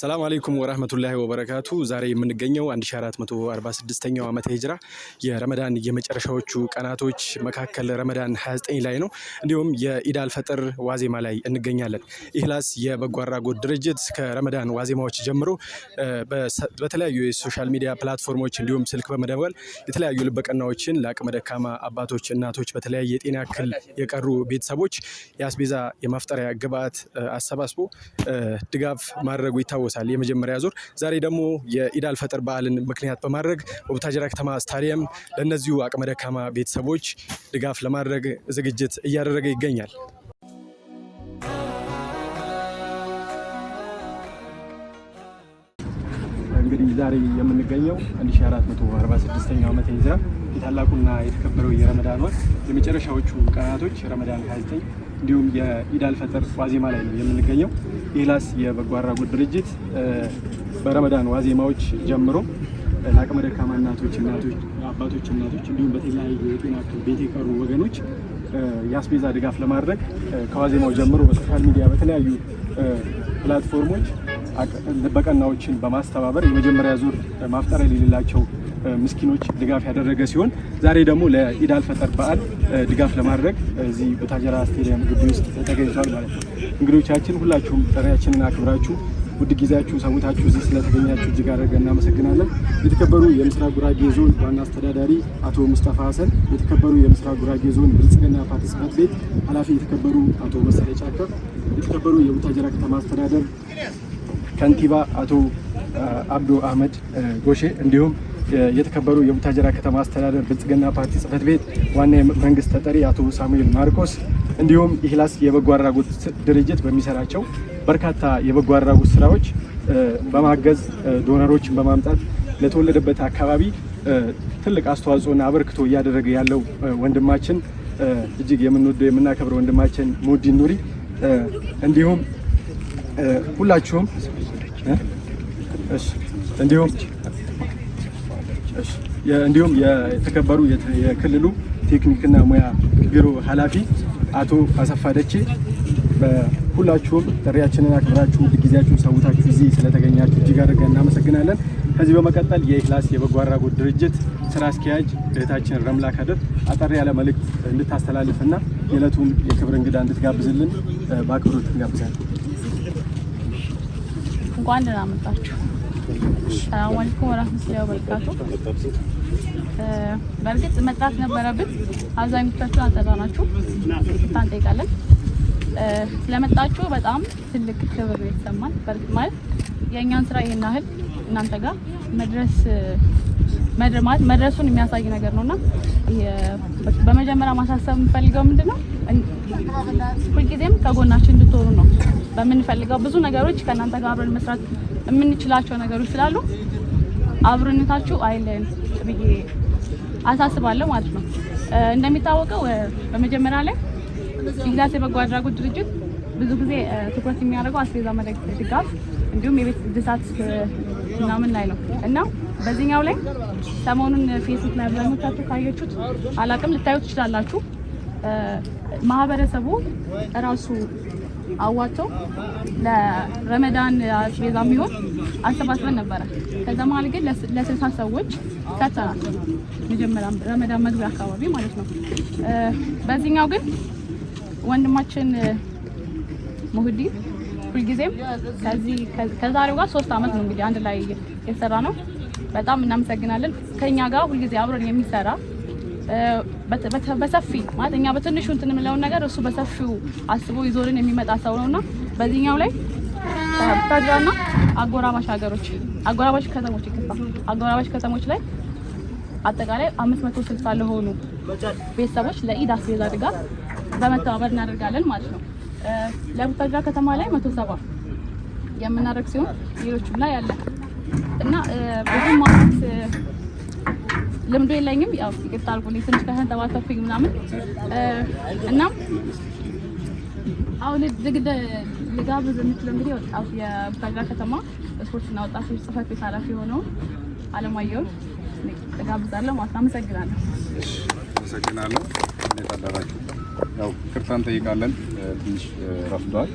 ሰላም አለይኩም ወራህመቱላሂ ወበረካቱ። ዛሬ የምንገኘው 1446ኛው ዓመተ ሂጅራ የረመዳን የመጨረሻዎቹ ቀናቶች መካከል ረመዳን 29 ላይ ነው። እንዲሁም የኢድ አልፈጥር ዋዜማ ላይ እንገኛለን። ኢህላስ የበጎ አድራጎት ድርጅት ከረመዳን ዋዜማዎች ጀምሮ በተለያዩ የሶሻል ሚዲያ ፕላትፎርሞች እንዲሁም ስልክ በመደወል የተለያዩ ልበቀናዎችን ለአቅመ ደካማ አባቶች፣ እናቶች፣ በተለያየ የጤና እክል የቀሩ ቤተሰቦች የአስቤዛ የማፍጠሪያ ግብአት አሰባስቦ ድጋፍ ማድረጉ ይታወቃል። ይታወሳል። የመጀመሪያ ዙር ዛሬ ደግሞ የኢዳል ፈጥር በዓልን ምክንያት በማድረግ በቡታጅራ ከተማ ስታዲየም ለእነዚሁ አቅመ ደካማ ቤተሰቦች ድጋፍ ለማድረግ ዝግጅት እያደረገ ይገኛል። እንግዲህ ዛሬ የምንገኘው 1446ኛው ዓመተ ይዛ የታላቁና የተከበረው የረመዳን ወር የመጨረሻዎቹ ቀናቶች ረመዳን 29 እንዲሁም የኢዳል ፈጥር ዋዜማ ላይ ነው የምንገኘው። ኢላስ የበጎ አድራጎት ድርጅት በረመዳን ዋዜማዎች ጀምሮ ለአቅመ ደካማ እናቶች፣ አባቶች፣ እናቶች እንዲሁም በተለያዩ የጤና ቤት የቀሩ ወገኖች የአስቤዛ ድጋፍ ለማድረግ ከዋዜማው ጀምሮ በሶሻል ሚዲያ በተለያዩ ፕላትፎርሞች በቀናዎችን በማስተባበር የመጀመሪያ ዙር ማፍጠሪያ የሌላቸው ምስኪኖች ድጋፍ ያደረገ ሲሆን ዛሬ ደግሞ ለኢዳል ፈጠር በዓል ድጋፍ ለማድረግ እዚህ በታጀራ ስቴዲየም ግቢ ውስጥ ተገኝቷል ማለት ነው። እንግዶቻችን ሁላችሁም ጥሪያችንን አክብራችሁ ውድ ጊዜያችሁ ሰውታችሁ እዚህ ስለተገኛችሁ እጅግ አድርገን እናመሰግናለን። የተከበሩ የምስራቅ ጉራጌ ዞን ዋና አስተዳዳሪ አቶ ሙስጠፋ ሀሰን፣ የተከበሩ የምስራቅ ጉራጌ ዞን ብልጽግና ፓርቲ ጽሕፈት ቤት ኃላፊ የተከበሩ አቶ መሰለ ጫከፍ፣ የተከበሩ የቡታጀራ ከተማ አስተዳደር ከንቲባ አቶ አብዶ አህመድ ጎሼ እንዲሁም የተከበሩ የቡታጀራ ከተማ አስተዳደር ብልጽግና ፓርቲ ጽህፈት ቤት ዋና መንግስት ተጠሪ አቶ ሳሙኤል ማርቆስ እንዲሁም የሂላስ የበጎ አድራጎት ድርጅት በሚሰራቸው በርካታ የበጎ አድራጎት ስራዎች በማገዝ ዶነሮችን በማምጣት ለተወለደበት አካባቢ ትልቅ አስተዋጽኦና አበርክቶ እያደረገ ያለው ወንድማችን እጅግ የምንወደው የምናከብረው ወንድማችን ሙዲን ኑሪ እንዲሁም ሁላችሁም እንዲሁም እንዲሁም የተከበሩ የክልሉ ቴክኒክና ሙያ ቢሮ ኃላፊ አቶ አሰፋ ደቼ በሁላችሁም ጥሪያችንን አክብራችሁ ጊዜያችሁን ሰውታችሁ እዚህ ስለተገኛችሁ እጅግ አድርገን እናመሰግናለን። ከዚህ በመቀጠል የኢክላስ የበጎ አድራጎት ድርጅት ስራ አስኪያጅ እህታችን ረምላ ከድር አጠር ያለ መልእክት እንድታስተላልፍና የዕለቱን የክብር እንግዳ እንድትጋብዝልን በአክብሮት እንጋብዛለን። እንኳን ደህና መጣችሁ። ሰላም አለይኩም ወራህመቱላሂ ወበረካቱ። በእርግጥ መጥራት ነበረብን። አብዛኞቻችሁ አልጠራናችሁ ይቅርታ እንጠይቃለን። ስለመጣችሁ በጣም ትልቅ ክብር የተሰማን በእርግጥ ማለት የእኛን ስራ ይህን ያህል እናንተ ጋር መድረስ ማለት መድረሱን የሚያሳይ ነገር ነውና በመጀመሪያ ማሳሰብ የምንፈልገው ምንድን ነው ሁልጊዜም ከጎናችን እንድትሆኑ ነው በምንፈልገው ብዙ ነገሮች ከእናንተ ጋር አብረን መስራት የምንችላቸው ነገሮች ስላሉ አብሮነታችሁ አይለን ብዬ አሳስባለሁ ማለት ነው። እንደሚታወቀው በመጀመሪያ ላይ የስላሴ በጎ አድራጎት ድርጅት ብዙ ጊዜ ትኩረት የሚያደርገው አስቤዛ ድጋፍ እንዲሁም የቤት እድሳት ምናምን ላይ ነው እና በዚህኛው ላይ ሰሞኑን ፌስቡክ ላይ አብዛኞቻችሁ ካየችሁት አላቅም ልታዩት ትችላላችሁ። ማህበረሰቡ እራሱ አዋቸው ለረመዳን አስቤዛ የሚሆን አሰባስበን ነበረ። ከዛ መሀል ግን ለስልሳ ሰዎች ሰጥተናል። መጀመሪያ ረመዳን መግቢያ አካባቢ ማለት ነው። በዚህኛው ግን ወንድማችን ሙህዲ ሁልጊዜም ከዚህ ከዛሬው ጋር ሶስት አመት ነው እንግዲህ አንድ ላይ የተሰራ ነው። በጣም እናመሰግናለን። ከኛ ጋር ሁልጊዜ አብረን የሚሰራ በሰፊ ማለት እኛ በትንሹ እንትን የምለውን ነገር እሱ በሰፊው አስቦ ይዞልን የሚመጣ ሰው ነው እና በዚህኛው ላይ ታጅራና አጎራባሽ ሀገሮች አጎራባሽ ከተሞች ይከፋ አጎራባሽ ከተሞች ላይ አጠቃላይ 560 ለሆኑ ቤተሰቦች ለኢድ አስቤዛ ድጋፍ በመተባበር እናደርጋለን ማለት ነው። ለቡታጅራ ከተማ ላይ 170 የምናደርግ ሲሆን ሌሎችም ላይ ያለ እና ብዙ ማለት ልምዶ የለኝም። ያው ይቅርታ አድርጉልኝ ትንሽ ከተንጠባተፍኩኝ ምናምን እናም አሁን ዝግደ ልጋብዝ የምችለው እንግዲህ ወጣቱ የቡታጅራ ከተማ ስፖርትና ወጣቶች ጽሕፈት ቤት ኃላፊ የሆነው አለማየሁን ልጋብዛለሁ ማለት አመሰግናለሁ። አመሰግናለሁ። እንዴት አደራችሁ? ያው ይቅርታ እንጠይቃለን። ትንሽ ረፍዷል።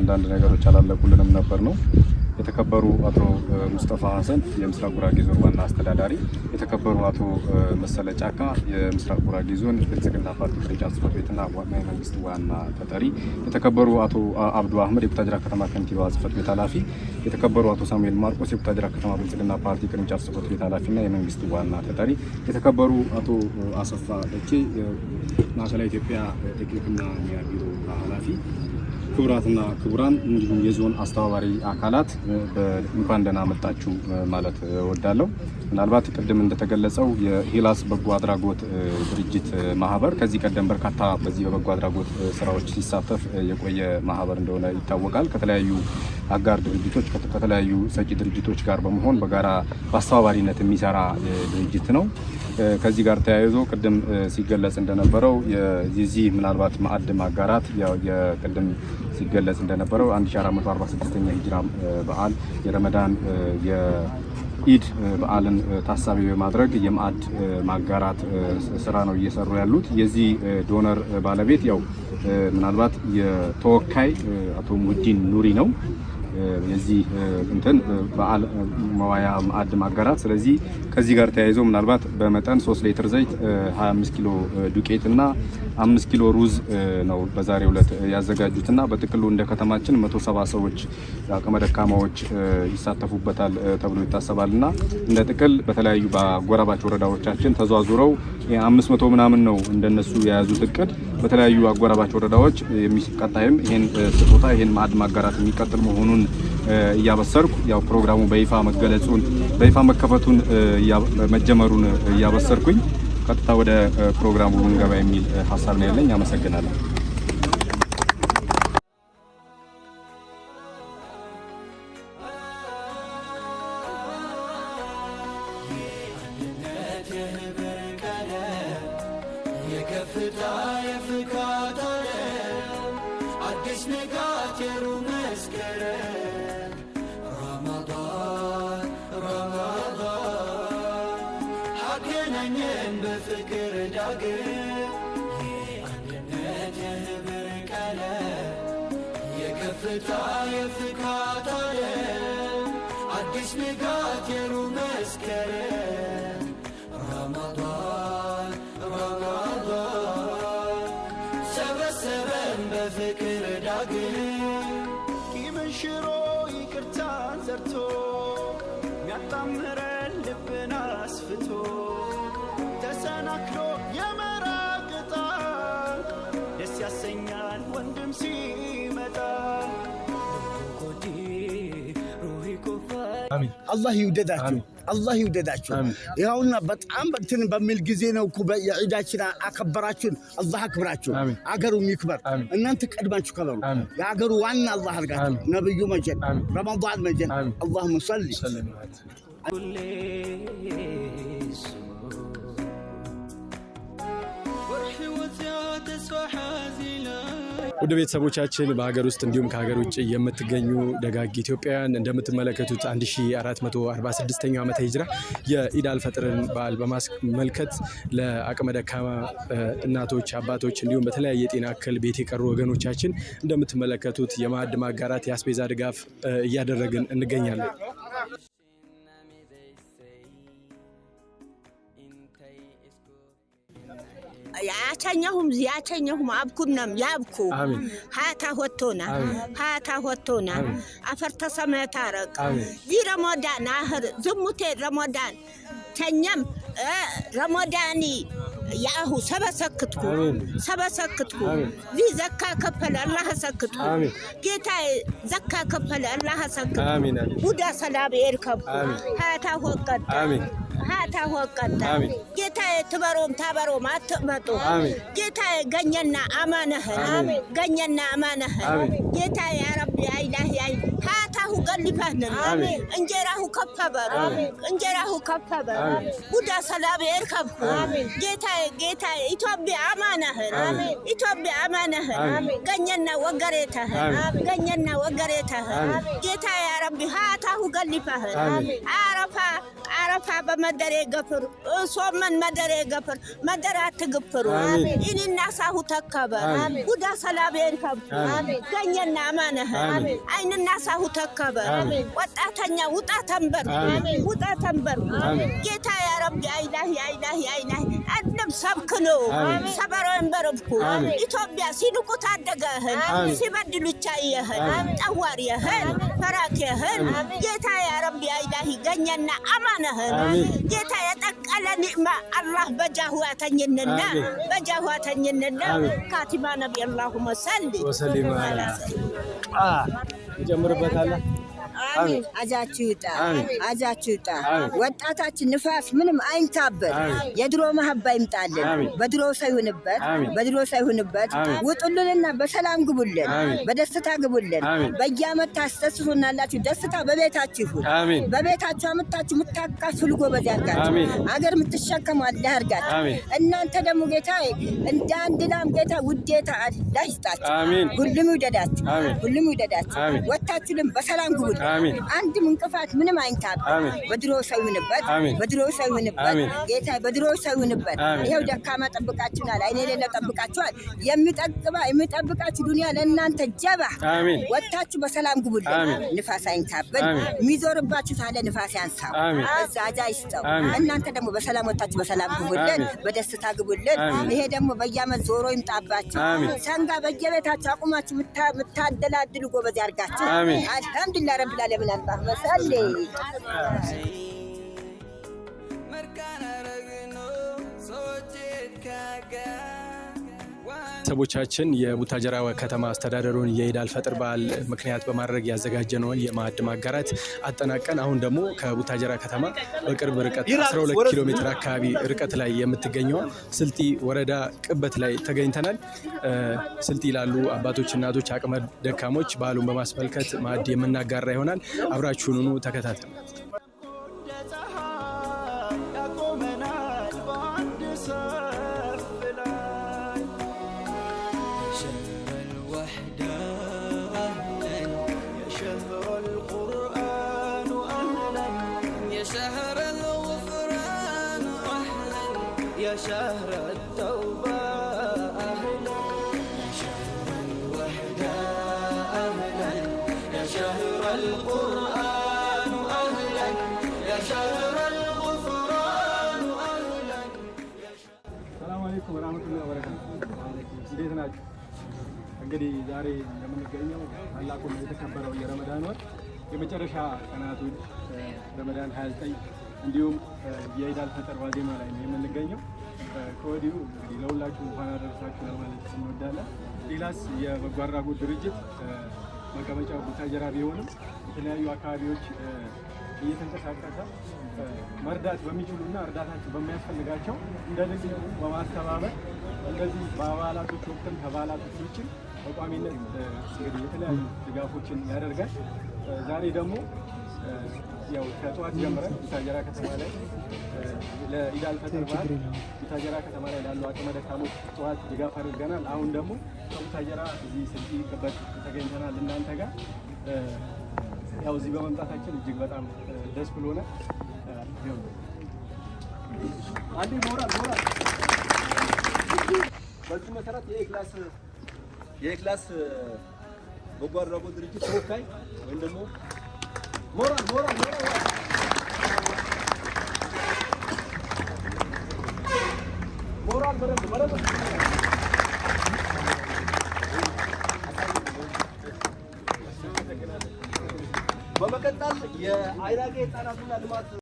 አንዳንድ ነገሮች አላለቁልንም ነበር ነው የተከበሩ አቶ ሙስጠፋ ሀሰን የምስራቅ ጉራጌ ዞን ዋና አስተዳዳሪ፣ የተከበሩ አቶ መሰለ ጫካ የምስራቅ ጉራጌ ዞን ብልጽግና ፓርቲ ቅርንጫፍ ጽሕፈት ቤትና ዋና መንግስት ዋና ተጠሪ፣ የተከበሩ አቶ አብዱ አህመድ የቡታጅራ ከተማ ከንቲባ ጽሕፈት ቤት ኃላፊ፣ የተከበሩ አቶ ሳሙኤል ማርቆስ የቡታጅራ ከተማ ብልጽግና ፓርቲ ቅርንጫፍ ጽሕፈት ቤት ኃላፊና የመንግስት ዋና ተጠሪ፣ የተከበሩ አቶ አሰፋ ደቼ ማዕከላዊ ኢትዮጵያ ቴክኒክና ሙያ ቢሮ ኃላፊ ክቡራትና ክቡራን እንዲሁም የዞን አስተባባሪ አካላት እንኳን ደህና መጣችሁ ማለት እወዳለሁ። ምናልባት ቅድም እንደተገለጸው የሂላስ በጎ አድራጎት ድርጅት ማህበር ከዚህ ቀደም በርካታ በዚህ በበጎ አድራጎት ስራዎች ሲሳተፍ የቆየ ማህበር እንደሆነ ይታወቃል። ከተለያዩ አጋር ድርጅቶች ከተለያዩ ሰጪ ድርጅቶች ጋር በመሆን በጋራ በአስተባባሪነት የሚሰራ ድርጅት ነው። ከዚህ ጋር ተያይዞ ቅድም ሲገለጽ እንደነበረው የዚህ ምናልባት ማዕድ ማጋራት ቅድም ሲገለጽ እንደነበረው 1446ኛ ሂጅራ በዓል የረመዳን ኢድ በዓልን ታሳቢ በማድረግ የማዕድ ማጋራት ስራ ነው እየሰሩ ያሉት። የዚህ ዶነር ባለቤት ያው ምናልባት የተወካይ አቶ ሙዲን ኑሪ ነው። የዚህ እንትን በዓል መዋያ ማዕድ ማጋራት። ስለዚህ ከዚህ ጋር ተያይዞ ምናልባት በመጠን 3 ሊትር ዘይት 25 ኪሎ ዱቄት እና 5 ኪሎ ሩዝ ነው በዛሬው ዕለት ያዘጋጁት እና በጥቅሉ እንደ ከተማችን 170 ሰዎች አቅመ ደካማዎች ይሳተፉበታል ተብሎ ይታሰባል እና እንደ ጥቅል በተለያዩ በአጎራባች ወረዳዎቻችን ተዟዙረው አምስት መቶ ምናምን ነው እንደነሱ የያዙት እቅድ። በተለያዩ አጎራባች ወረዳዎች የሚቀጣይም ይሄን ስጦታ ይሄን ማዕድ ማጋራት የሚቀጥል መሆኑን እያበሰርኩ ያው ፕሮግራሙ በይፋ መገለጹን በይፋ መከፈቱን መጀመሩን እያበሰርኩኝ ቀጥታ ወደ ፕሮግራሙ እንገባ የሚል ሀሳብ ነው ያለኝ። አመሰግናለሁ። የፍታ የፍካታለ አዲስ ንጋት የሩብ መስከረም ረመዳን ረመዳን አገናኘን በፍቅር ዳግም የአንድነት የህብር ቀለም የከፍታ የፍካታ አዲስ ንጋት የሩብ መስከረም ረመዳን ሽሮ ይቅርታን ዘርቶ ሚያጣምረን ልብን አስፍቶ ተሰናክሎ የመራቅጣ ደስ ያሰኛል ወንድም ሲመጣ አላህ ይውደዳችሁ። አላህ ይውደዳችሁ። ይኸውና በጣም እንትን በሚል ጊዜ ነው እኮ የዒዳችን አከበራችሁን። አላህ አክብራችሁ፣ አገሩ ይክበር። እናንተ ቀድማችሁ ከበሩ። የአገሩ ዋና አላህ አድርጋችሁ። ነብዩ መጀን፣ ረመዳን መጀን። አላሁመ ሰሊ ተስፋ ውድ ቤተሰቦቻችን በሀገር ውስጥ እንዲሁም ከሀገር ውጭ የምትገኙ ደጋግ ኢትዮጵያውያን እንደምትመለከቱት 1446ኛ ዓመተ ሂጅራ የኢዳል ፈጥርን በዓል በማስመልከት ለአቅመ ደካማ እናቶች፣ አባቶች እንዲሁም በተለያየ የጤና እክል ቤት የቀሩ ወገኖቻችን እንደምትመለከቱት የማዕድ ማጋራት፣ የአስቤዛ ድጋፍ እያደረግን እንገኛለን። ያቸኛሁም ያቸኛሁም አብኩነም ያብኩ ሀታ ሆቶና ሀታ ሆቶና አፈርተ ተሰመታ ረቅ ዚ ረሞዳን አህር ዝሙቴ ረሞዳን ተኛም ረሞዳኒ ያሁ ሰበሰክትኩ ሰበሰክትኩ ዚ ዘካ ከፈለ አላህ ሰክትኩ ጌታ ዘካ ከፈለ አላህ ሰክትኩ ሁዳ ሰላም ኤርከብኩ ሀታ ሆቀዳ ታወቀጠ ጌታ ትበሮም ታበሮም አትመጡ ጌታ ገኘና አማነህ ገኘና አማነህ ጌታ ያረብ አይላህ ያይ ጌታሁ ቀልፈልን እንጀራሁ ከፍ በል እንጀራሁ ከፍ በል ሁዳ ሰላም የርከብ ጌታ ጌታ ኢትዮጵያ አማናህን ኢትዮጵያ አማናህን ገኘና ወገሬታህን ገኘና ወገሬታህን ጌታ ያረቢ ሀታሁ ገልፈህን አረፋ አረፋ በመደሬ ገፍር ሶመን መደሬ ገፍር መደር አትግፍሩ ኢንና ሳሁ ተከበ ቡዳ ሰላም የርከብ ገኘና አማናህን አይንና ሳሁ ተ ተከበር። ወጣተኛ ውጣ ተንበር፣ ውጣ ተንበር። ጌታ ያረብ አይላህ አይላህ አይላህ አንም ሰብክ ነው ሰበረ እንበረብኩ ኢትዮጵያ ሲንቁ ታደገህን ሲበድሉ ይቻየህን ጠዋሪህን ፈራኬህን ጌታ ያረብ አይላህ ይገኘና አማነህን ጌታ የጠቀለ ኒዕማ አላህ በጃሁ አተኝንና በጃሁ አተኝንና ካቲማ ነቢ አላሁመ ሰሊ जमर बताला አጃችሁ ይውጣ፣ አጃችሁ ይውጣ። ወጣታችን ንፋስ ምንም አይንካበት። የድሮ መሀባ ይምጣልን። በድሮ ሳይሆንበት በድሮ ሳይሆንበት ውጡልንና በሰላም ግቡልን፣ በደስታ ግቡልን። በየአመት ታስደስቱናላችሁ። ደስታ በቤታችሁ ይሁን። በቤታችሁ አመታችሁ የምታካፍሉ ጎበዝ ያርጋችሁ። አገር የምትሸከሙ አላህ ያርጋችሁ። እናንተ ደግሞ ጌታ እንደ አንድ ላም ጌታ ውዴታ አላህ ይስጣችሁ። ሁሉም ይውደዳችሁ፣ ሁሉም ይውደዳችሁ። ወታችሁልን በሰላም ግቡልን። አንድም እንቅፋት ምንም አይንካብ። በድሮ ሰው ይሁንበት፣ በድሮ ሰው ይሁንበት፣ ጌታ በድሮ ሰው ይሁንበት። ይኸው ደካማ ጠብቃችኋል፣ አይኔ ሌለ ጠብቃችኋል። የሚጠቅባ የሚጠብቃችሁ ዱኒያ ለእናንተ ጀባ። ወጥታችሁ በሰላም ግቡልን፣ ንፋስ አይንካብን። የሚዞርባችሁ ሳለ ንፋስ ያንሳው፣ አዛዛ ይስጠው። እናንተ ደግሞ በሰላም ወጥታችሁ በሰላም ግቡልን፣ በደስታ ግቡልን። ይሄ ደግሞ በየዓመት ዞሮ ይምጣባችሁ። ሰንጋ በየቤታችሁ አቁማችሁ ምታደላድሉ ጎበዝ ያርጋችሁ። አልሐምዱሊላህ ረብ ለምን አልጣህ መሰለኝ መርካና ረግኖ ሰዎች ካጋ ቤተሰቦቻችን የቡታጀራ ከተማ አስተዳደሩን የኢዳል ፈጥር በዓል ምክንያት በማድረግ ያዘጋጀነውን የማዕድ ማጋራት አጠናቀን አሁን ደግሞ ከቡታጀራ ከተማ በቅርብ ርቀት 12 ኪሎ ሜትር አካባቢ ርቀት ላይ የምትገኘው ስልጢ ወረዳ ቅበት ላይ ተገኝተናል። ስልጢ ላሉ አባቶች፣ እናቶች፣ አቅመ ደካሞች በዓሉን በማስመልከት ማዕድ የምናጋራ ይሆናል። አብራችሁኑኑ ተከታተሉ። شهر الغفران أهلا يا شهر التوبة أهلا شهر الوحدة أهلا يا شهر القرآن أهلا يا شهر الغفران أهلا السلام عليكم ورحمة الله وبركاته እንዴት ናችሁ? እንግዲህ ዛሬ እንደምንገኘው ታላቁን የተከበረው የረመዳን ወር የመጨረሻ ቀናቶች ረመዳን 29 እንዲሁም የኢድ አልፈጥር ዋዜማ ላይ ነው የምንገኘው። ከወዲሁ እንግዲህ ለሁላችሁ እንኳን አደረሳችሁ ለማለት እንወዳለን። ሌላስ የበጎ አድራጎት ድርጅት መቀመጫው ቡታጀራ ቢሆንም የተለያዩ አካባቢዎች እየተንቀሳቀሰ መርዳት በሚችሉና እርዳታቸው በሚያስፈልጋቸው እንደ ልጅ በማስተባበር እንደዚህ በአባላቶች ወቅትም ከበዓላቶች ውጭ በቋሚነት እንግዲህ የተለያዩ ድጋፎችን ያደርጋል። ዛሬ ደግሞ ያው ከጠዋት ጀምረን ኢታጀራ ከተማ ላይ ለኢዳል አልፈጥር በዓል ቡታጀራ ከተማ ላይ ላሉ አቅመ ደካሞች ጠዋት ድጋፍ አድርገናል። አሁን ደግሞ ከቡታጀራ እዚህ ስልጤ ቅበት ተገኝተናል እናንተ ጋር ያው እዚህ በመምጣታችን እጅግ በጣም ደስ ብሎነ አንዴ ሞራል ሞራል በዚህ መሰረት የኤክላስ የኤክላስ በጎ አድራጎት ድርጅት ተወካይ ወይም ደግሞ ሞራል ሞራል ሞራል ሞራል በደንብ በደንብ በመቀጠል የአይራጌ ህጻናትና ልማት